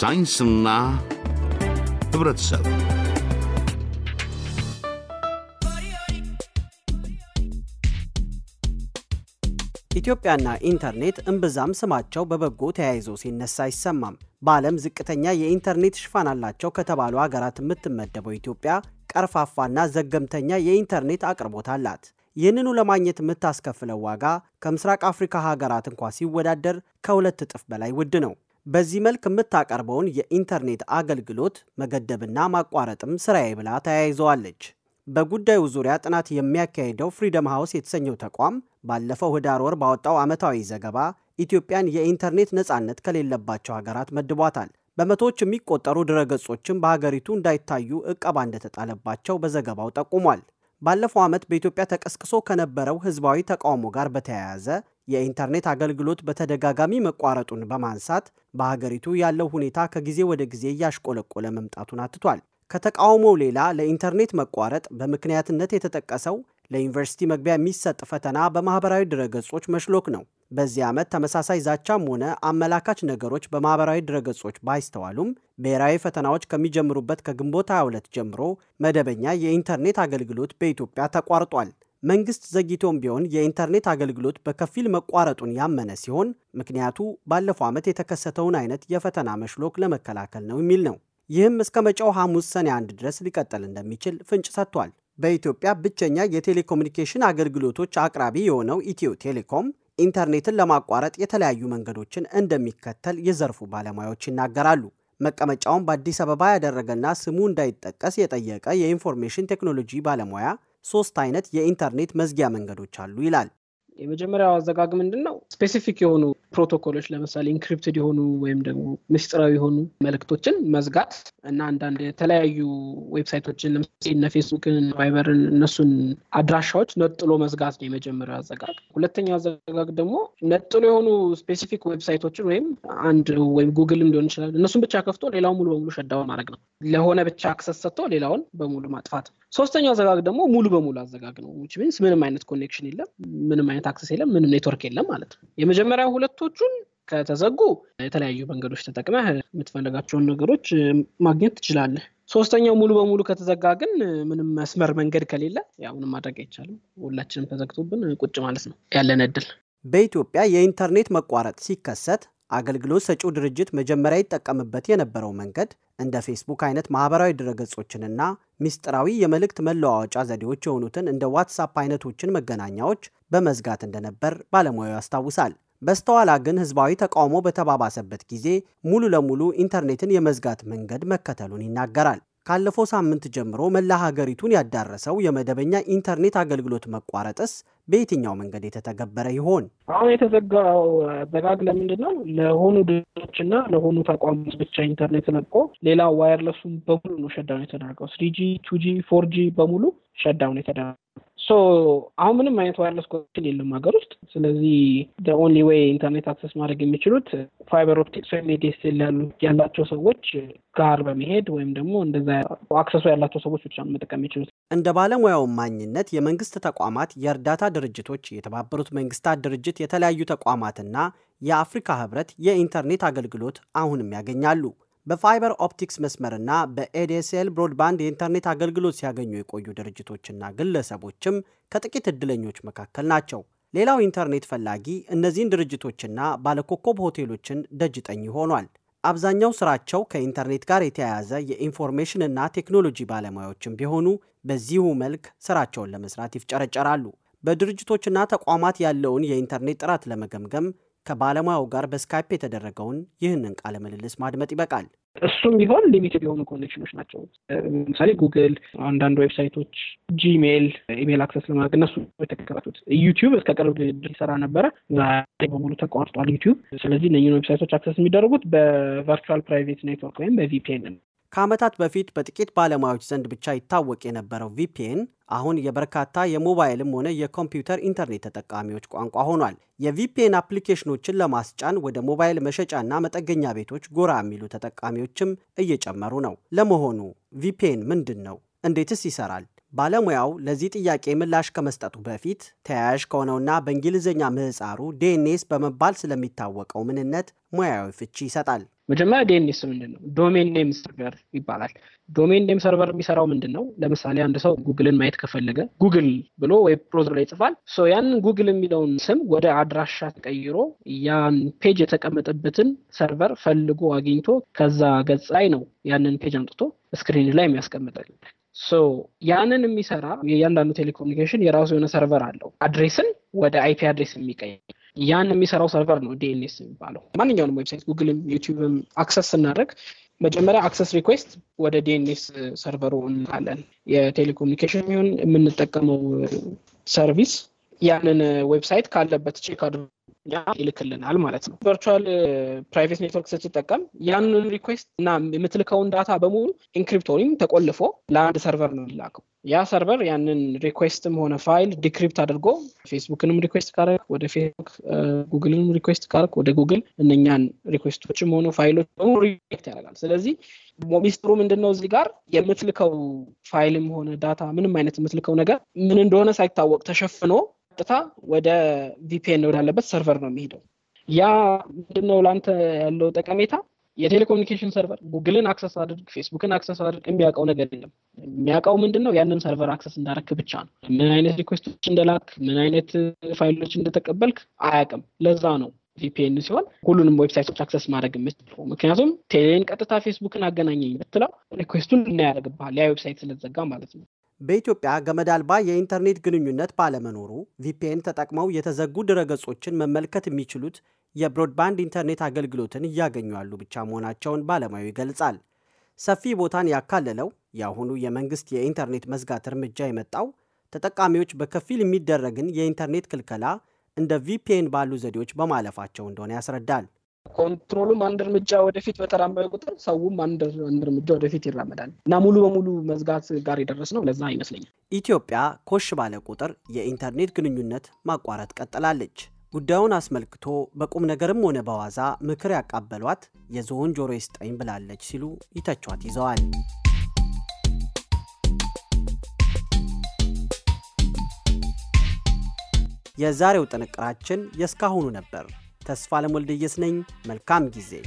ሳይንስና ህብረተሰብ ኢትዮጵያና ኢንተርኔት እምብዛም ስማቸው በበጎ ተያይዞ ሲነሳ አይሰማም። በዓለም ዝቅተኛ የኢንተርኔት ሽፋን አላቸው ከተባሉ አገራት የምትመደበው ኢትዮጵያ ቀርፋፋና ዘገምተኛ የኢንተርኔት አቅርቦት አላት። ይህንኑ ለማግኘት የምታስከፍለው ዋጋ ከምስራቅ አፍሪካ ሀገራት እንኳ ሲወዳደር ከሁለት እጥፍ በላይ ውድ ነው። በዚህ መልክ የምታቀርበውን የኢንተርኔት አገልግሎት መገደብና ማቋረጥም ስራዬ ብላ ተያይዘዋለች። በጉዳዩ ዙሪያ ጥናት የሚያካሄደው ፍሪደም ሃውስ የተሰኘው ተቋም ባለፈው ህዳር ወር ባወጣው ዓመታዊ ዘገባ ኢትዮጵያን የኢንተርኔት ነፃነት ከሌለባቸው ሀገራት መድቧታል። በመቶዎች የሚቆጠሩ ድረገጾችም በሀገሪቱ እንዳይታዩ እቀባ እንደተጣለባቸው በዘገባው ጠቁሟል። ባለፈው ዓመት በኢትዮጵያ ተቀስቅሶ ከነበረው ሕዝባዊ ተቃውሞ ጋር በተያያዘ የኢንተርኔት አገልግሎት በተደጋጋሚ መቋረጡን በማንሳት በሀገሪቱ ያለው ሁኔታ ከጊዜ ወደ ጊዜ እያሽቆለቆለ መምጣቱን አትቷል። ከተቃውሞው ሌላ ለኢንተርኔት መቋረጥ በምክንያትነት የተጠቀሰው ለዩኒቨርሲቲ መግቢያ የሚሰጥ ፈተና በማህበራዊ ድረገጾች መሽሎክ ነው። በዚህ ዓመት ተመሳሳይ ዛቻም ሆነ አመላካች ነገሮች በማኅበራዊ ድረገጾች ባይስተዋሉም ብሔራዊ ፈተናዎች ከሚጀምሩበት ከግንቦት 22 ጀምሮ መደበኛ የኢንተርኔት አገልግሎት በኢትዮጵያ ተቋርጧል። መንግስት ዘግይቶም ቢሆን የኢንተርኔት አገልግሎት በከፊል መቋረጡን ያመነ ሲሆን ምክንያቱ ባለፈው ዓመት የተከሰተውን አይነት የፈተና መሽሎክ ለመከላከል ነው የሚል ነው። ይህም እስከ መጪው ሐሙስ ሰኔ አንድ ድረስ ሊቀጥል እንደሚችል ፍንጭ ሰጥቷል። በኢትዮጵያ ብቸኛ የቴሌኮሙኒኬሽን አገልግሎቶች አቅራቢ የሆነው ኢትዮ ቴሌኮም ኢንተርኔትን ለማቋረጥ የተለያዩ መንገዶችን እንደሚከተል የዘርፉ ባለሙያዎች ይናገራሉ። መቀመጫውን በአዲስ አበባ ያደረገና ስሙ እንዳይጠቀስ የጠየቀ የኢንፎርሜሽን ቴክኖሎጂ ባለሙያ ሶስት አይነት የኢንተርኔት መዝጊያ መንገዶች አሉ ይላል። የመጀመሪያው አዘጋግ ምንድን ነው? ስፔሲፊክ የሆኑ ፕሮቶኮሎች ለምሳሌ ኢንክሪፕትድ የሆኑ ወይም ደግሞ ምስጢራዊ የሆኑ መልእክቶችን መዝጋት እና አንዳንድ የተለያዩ ዌብሳይቶችን ለምሳሌ እነ ፌስቡክን፣ ቫይበርን እነሱን አድራሻዎች ነጥሎ መዝጋት ነው የመጀመሪያው አዘጋግ። ሁለተኛው አዘጋግ ደግሞ ነጥሎ የሆኑ ስፔሲፊክ ዌብሳይቶችን ወይም አንድ ወይም ጉግልም ሊሆን ይችላል እነሱን ብቻ ከፍቶ ሌላውን ሙሉ በሙሉ ሸዳውን ማድረግ ነው። ለሆነ ብቻ አክሰስ ሰጥቶ ሌላውን በሙሉ ማጥፋት ነው። ሶስተኛው አዘጋግ ደግሞ ሙሉ በሙሉ አዘጋግ ነው። ሚንስ ምንም አይነት ኮኔክሽን የለም፣ ምንም አይነት አክሰስ የለም፣ ምንም ኔትወርክ የለም ማለት ነው። የመጀመሪያ ሁለቶቹን ከተዘጉ የተለያዩ መንገዶች ተጠቅመህ የምትፈልጋቸውን ነገሮች ማግኘት ትችላለህ። ሶስተኛው ሙሉ በሙሉ ከተዘጋ ግን ምንም መስመር መንገድ ከሌለ ያው ምንም ማድረግ አይቻልም። ሁላችንም ተዘግቶብን ቁጭ ማለት ነው ያለን እድል። በኢትዮጵያ የኢንተርኔት መቋረጥ ሲከሰት አገልግሎት ሰጪው ድርጅት መጀመሪያ ይጠቀምበት የነበረው መንገድ እንደ ፌስቡክ አይነት ማህበራዊ ድረገጾችንና ሚስጥራዊ የመልእክት መለዋወጫ ዘዴዎች የሆኑትን እንደ ዋትሳፕ አይነቶችን መገናኛዎች በመዝጋት እንደነበር ባለሙያው ያስታውሳል። በስተኋላ ግን ህዝባዊ ተቃውሞ በተባባሰበት ጊዜ ሙሉ ለሙሉ ኢንተርኔትን የመዝጋት መንገድ መከተሉን ይናገራል። ካለፈው ሳምንት ጀምሮ መላ ሀገሪቱን ያዳረሰው የመደበኛ ኢንተርኔት አገልግሎት መቋረጥስ በየትኛው መንገድ የተተገበረ ይሆን? አሁን የተዘጋው በጋግ ለምንድን ነው? ለሆኑ ድርጅቶች እና ለሆኑ ተቋሞች ብቻ ኢንተርኔት ለቆ ሌላ ዋየርለሱን በሙሉ ነው ሸዳውን የተደረገው። ስሪጂ ቱጂ፣ ፎርጂ በሙሉ ሸዳውን የተደረገው ሶ አሁን ምንም አይነት ዋየርለስ ኮኔክሽን የለም ሀገር ውስጥ። ስለዚህ ኦንሊ ዌይ ኢንተርኔት አክሰስ ማድረግ የሚችሉት ፋይበር ኦፕቲክስ ወይም ኤዲኤስኤል ያላቸው ሰዎች ጋር በመሄድ ወይም ደግሞ እንደዛ አክሰሱ ያላቸው ሰዎች ብቻ መጠቀም የሚችሉት። እንደ ባለሙያው ማኝነት የመንግስት ተቋማት፣ የእርዳታ ድርጅቶች፣ የተባበሩት መንግስታት ድርጅት፣ የተለያዩ ተቋማትና የአፍሪካ ህብረት የኢንተርኔት አገልግሎት አሁንም ያገኛሉ። በፋይበር ኦፕቲክስ መስመርና በኤዲኤስኤል ብሮድባንድ የኢንተርኔት አገልግሎት ሲያገኙ የቆዩ ድርጅቶችና ግለሰቦችም ከጥቂት ዕድለኞች መካከል ናቸው። ሌላው ኢንተርኔት ፈላጊ እነዚህን ድርጅቶችና ባለኮከብ ሆቴሎችን ደጅጠኝ ሆኗል። አብዛኛው ስራቸው ከኢንተርኔት ጋር የተያያዘ የኢንፎርሜሽንና ቴክኖሎጂ ባለሙያዎችም ቢሆኑ በዚሁ መልክ ስራቸውን ለመስራት ይፍጨረጨራሉ። በድርጅቶችና ተቋማት ያለውን የኢንተርኔት ጥራት ለመገምገም ከባለሙያው ጋር በስካይፕ የተደረገውን ይህንን ቃለ ምልልስ ማድመጥ ይበቃል። እሱም ቢሆን ሊሚትድ የሆኑ ኮኔክሽኖች ናቸው። ለምሳሌ ጉግል፣ አንዳንድ ዌብሳይቶች፣ ጂሜል ኢሜል አክሰስ ለማድረግ እነሱ የተከፈቱት። ዩቲዩብ እስከ ቅርብ ድረስ ይሰራ ነበረ፣ በሙሉ ተቋርጧል ዩቲዩብ። ስለዚህ እነኝን ዌብሳይቶች አክሰስ የሚደረጉት በቨርቹዋል ፕራይቬት ኔትወርክ ወይም በቪፒኤን ከዓመታት በፊት በጥቂት ባለሙያዎች ዘንድ ብቻ ይታወቅ የነበረው ቪፒኤን አሁን የበርካታ የሞባይልም ሆነ የኮምፒውተር ኢንተርኔት ተጠቃሚዎች ቋንቋ ሆኗል። የቪፒኤን አፕሊኬሽኖችን ለማስጫን ወደ ሞባይል መሸጫና መጠገኛ ቤቶች ጎራ የሚሉ ተጠቃሚዎችም እየጨመሩ ነው። ለመሆኑ ቪፒኤን ምንድን ነው? እንዴትስ ይሰራል? ባለሙያው ለዚህ ጥያቄ ምላሽ ከመስጠቱ በፊት ተያያዥ ከሆነውና በእንግሊዝኛ ምህፃሩ ዲኤንኤስ በመባል ስለሚታወቀው ምንነት ሙያዊ ፍቺ ይሰጣል። መጀመሪያ ዲኤንኤስ ምንድን ነው? ዶሜን ኔም ሰርቨር ይባላል። ዶሜን ኔም ሰርቨር የሚሰራው ምንድን ነው? ለምሳሌ አንድ ሰው ጉግልን ማየት ከፈለገ ጉግል ብሎ ወይ ፕሮዘር ላይ ይጽፋል። ያንን ጉግል የሚለውን ስም ወደ አድራሻ ተቀይሮ ያን ፔጅ የተቀመጠበትን ሰርቨር ፈልጎ አግኝቶ ከዛ ገጽ ላይ ነው ያንን ፔጅ አምጥቶ ስክሪን ላይ የሚያስቀምጠል። ያንን የሚሰራ የእያንዳንዱ ቴሌኮሙኒኬሽን የራሱ የሆነ ሰርቨር አለው። አድሬስን ወደ አይፒ አድሬስ የሚቀይር ያን የሚሰራው ሰርቨር ነው ዲኤንኤስ የሚባለው። ማንኛውንም ዌብሳይት ጉግልም ዩቲዩብም አክሰስ ስናደርግ መጀመሪያ አክሰስ ሪኩዌስት ወደ ዲኤንኤስ ሰርቨሩ እንላለን። የቴሌኮሙኒኬሽን ይሁን የምንጠቀመው ሰርቪስ ያንን ዌብሳይት ካለበት ቼክ አድርጎ ያ ይልክልናል ማለት ነው። ቨርል ፕራይቬት ኔትወርክ ስትጠቀም ያንን ሪኩዌስት እና የምትልከውን ዳታ በሙሉ ኢንክሪፕት ወይም ተቆልፎ ለአንድ ሰርቨር ነው ላከው ያ ሰርቨር ያንን ሪኩዌስትም ሆነ ፋይል ዲክሪፕት አድርጎ ፌስቡክንም ሪኩዌስት ካረግ ወደ ፌስቡክ፣ ጉግልንም ሪኩዌስት ካረግ ወደ ጉግል፣ እነኛን ሪኩዌስቶችም ሆኑ ፋይሎች በሙሉ ሪክት ያደርጋል። ስለዚህ ሚስጥሩ ምንድነው እዚህ ጋር የምትልከው ፋይልም ሆነ ዳታ ምንም አይነት የምትልከው ነገር ምን እንደሆነ ሳይታወቅ ተሸፍኖ ቀጥታ ወደ ቪፒኤን ወዳለበት ሰርቨር ነው የሚሄደው። ያ ምንድነው ለአንተ ያለው ጠቀሜታ? የቴሌኮሙኒኬሽን ሰርቨር ጉግልን አክሰስ አድርግ፣ ፌስቡክን አክሰስ አድርግ፣ የሚያውቀው ነገር የለም። የሚያውቀው ምንድን ነው ያንን ሰርቨር አክሰስ እንዳረክ ብቻ ነው። ምን አይነት ሪኩዌስቶች እንደላክ፣ ምን አይነት ፋይሎች እንደተቀበልክ አያቅም ለዛ ነው ቪፒኤን ሲሆን ሁሉንም ዌብሳይቶች አክሰስ ማድረግ የምችለው። ምክንያቱም ቴሌን ቀጥታ ፌስቡክን አገናኘኝ ብትለው ሪኩዌስቱን እናያደርግብሃል ያ ዌብሳይት ስለዘጋ ማለት ነው። በኢትዮጵያ ገመድ አልባ የኢንተርኔት ግንኙነት ባለመኖሩ ቪፒኤን ተጠቅመው የተዘጉ ድረገጾችን መመልከት የሚችሉት የብሮድባንድ ኢንተርኔት አገልግሎትን እያገኙ ያሉ ብቻ መሆናቸውን ባለሙያው ይገልጻል። ሰፊ ቦታን ያካለለው የአሁኑ የመንግስት የኢንተርኔት መዝጋት እርምጃ የመጣው ተጠቃሚዎች በከፊል የሚደረግን የኢንተርኔት ክልከላ እንደ ቪፒኤን ባሉ ዘዴዎች በማለፋቸው እንደሆነ ያስረዳል። ኮንትሮሉም አንድ እርምጃ ወደፊት በተራመደ ቁጥር ሰውም አንድ እርምጃ ወደፊት ይራመዳል እና ሙሉ በሙሉ መዝጋት ጋር የደረስ ነው። ለዛ ይመስለኛል ኢትዮጵያ ኮሽ ባለ ቁጥር የኢንተርኔት ግንኙነት ማቋረጥ ቀጥላለች። ጉዳዩን አስመልክቶ በቁም ነገርም ሆነ በዋዛ ምክር ያቃበሏት የዞን ጆሮ ይስጠኝ ብላለች ሲሉ ይተቿት ይዘዋል። የዛሬው ጥንቅራችን የእስካሁኑ ነበር። ተስፋ ለሞልደየስ ነኝ። መልካም ጊዜ